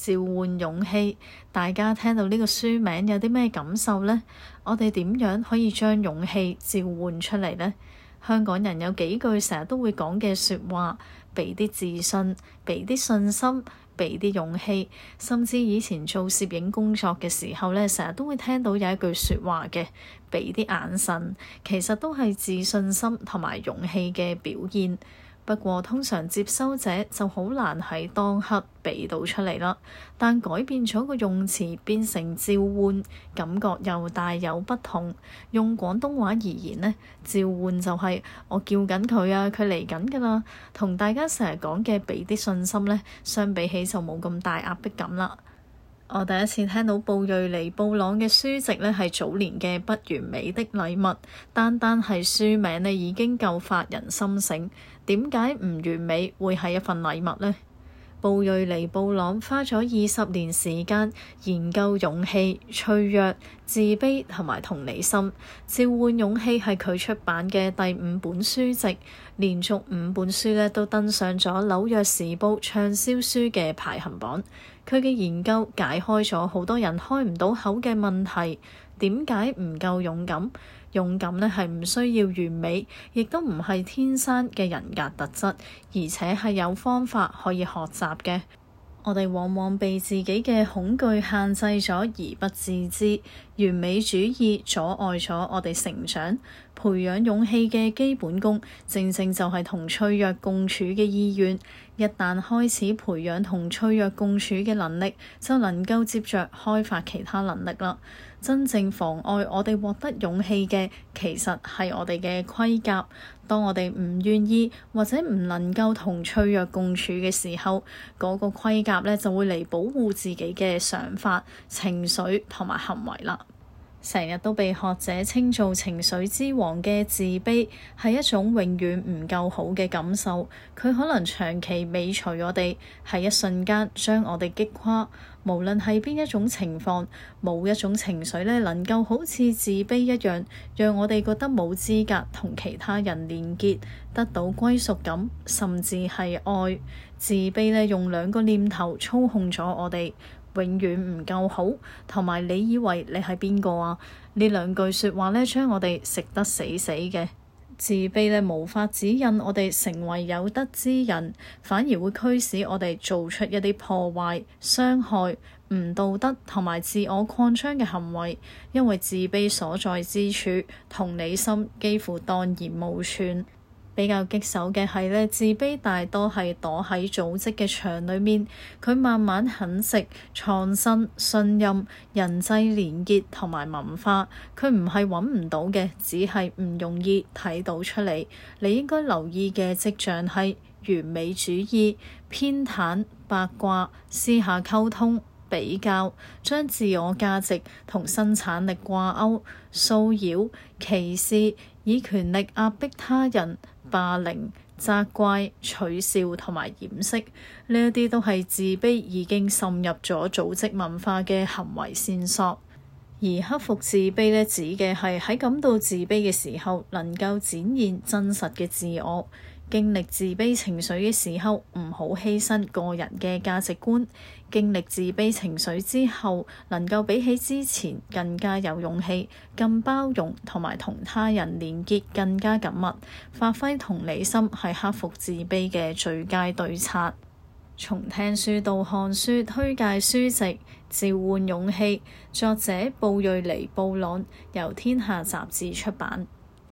召喚勇氣，大家聽到呢個書名有啲咩感受呢？我哋點樣可以將勇氣召喚出嚟呢？香港人有幾句成日都會講嘅説話，俾啲自信，俾啲信心，俾啲勇氣，甚至以前做攝影工作嘅時候呢，成日都會聽到有一句説話嘅，俾啲眼神，其實都係自信心同埋勇氣嘅表現。不過通常接收者就好難喺當刻俾到出嚟啦，但改變咗個用詞變成召喚，感覺又大有不同。用廣東話而言咧，召喚就係我叫緊佢啊，佢嚟緊㗎啦。同大家成日講嘅俾啲信心呢，相比起就冇咁大壓迫感啦。我第一次聽到布瑞尼布朗嘅書籍呢係早年嘅《不完美的禮物》，單單係書名呢已經夠發人心省。點解唔完美會係一份禮物呢？布瑞尼布朗花咗二十年時間研究勇氣、脆弱、自卑同埋同理心。召喚勇氣係佢出版嘅第五本書籍，連續五本書呢都登上咗紐約時報暢銷書嘅排行榜。佢嘅研究解開咗好多人開唔到口嘅問題，點解唔夠勇敢？勇敢呢，係唔需要完美，亦都唔係天生嘅人格特質，而且係有方法可以學習嘅。我哋往往被自己嘅恐懼限制咗而不自知，完美主義阻礙咗我哋成長。培養勇氣嘅基本功，正正就係同脆弱共處嘅意願。一旦開始培養同脆弱共處嘅能力，就能夠接着開發其他能力啦。真正妨礙我哋獲得勇氣嘅，其實係我哋嘅盔甲。當我哋唔願意或者唔能夠同脆弱共處嘅時候，嗰個盔甲咧就會嚟保護自己嘅想法、情緒同埋行為啦。成日都被學者稱做情緒之王嘅自卑，係一種永遠唔夠好嘅感受。佢可能長期尾隨我哋，喺一瞬間將我哋擊垮。無論係邊一種情況，冇一種情緒呢能夠好似自卑一樣，讓我哋覺得冇資格同其他人連結，得到歸屬感，甚至係愛。自卑呢用兩個念頭操控咗我哋。永遠唔夠好，同埋你以為你係邊個啊？呢兩句説話咧，將我哋食得死死嘅自卑咧，無法指引我哋成為有德之人，反而會驅使我哋做出一啲破壞、傷害、唔道德同埋自我擴張嘅行為，因為自卑所在之處，同理心幾乎蕩然無存。比較棘手嘅係咧，自卑大多係躲喺組織嘅牆裏面，佢慢慢啃食創新、信任、人際連結同埋文化。佢唔係揾唔到嘅，只係唔容易睇到出嚟。你應該留意嘅跡象係完美主義、偏袒、八卦、私下溝通、比較、將自我價值同生產力掛鈎、騷擾、歧視、以權力壓迫他人。霸凌、責怪、取笑同埋掩飾呢一啲都係自卑已經滲入咗組織文化嘅行為線索。而克服自卑呢，指嘅係喺感到自卑嘅時候，能夠展現真實嘅自我。經歷自卑情緒嘅時候，唔好犧牲個人嘅價值觀。經歷自卑情緒之後，能夠比起之前更加有勇氣、更包容同埋同他人連結更加緊密。發揮同理心係克服自卑嘅最佳對策。從聽書到看書，推介書籍召喚勇氣。作者布瑞尼布朗，由天下雜誌出版。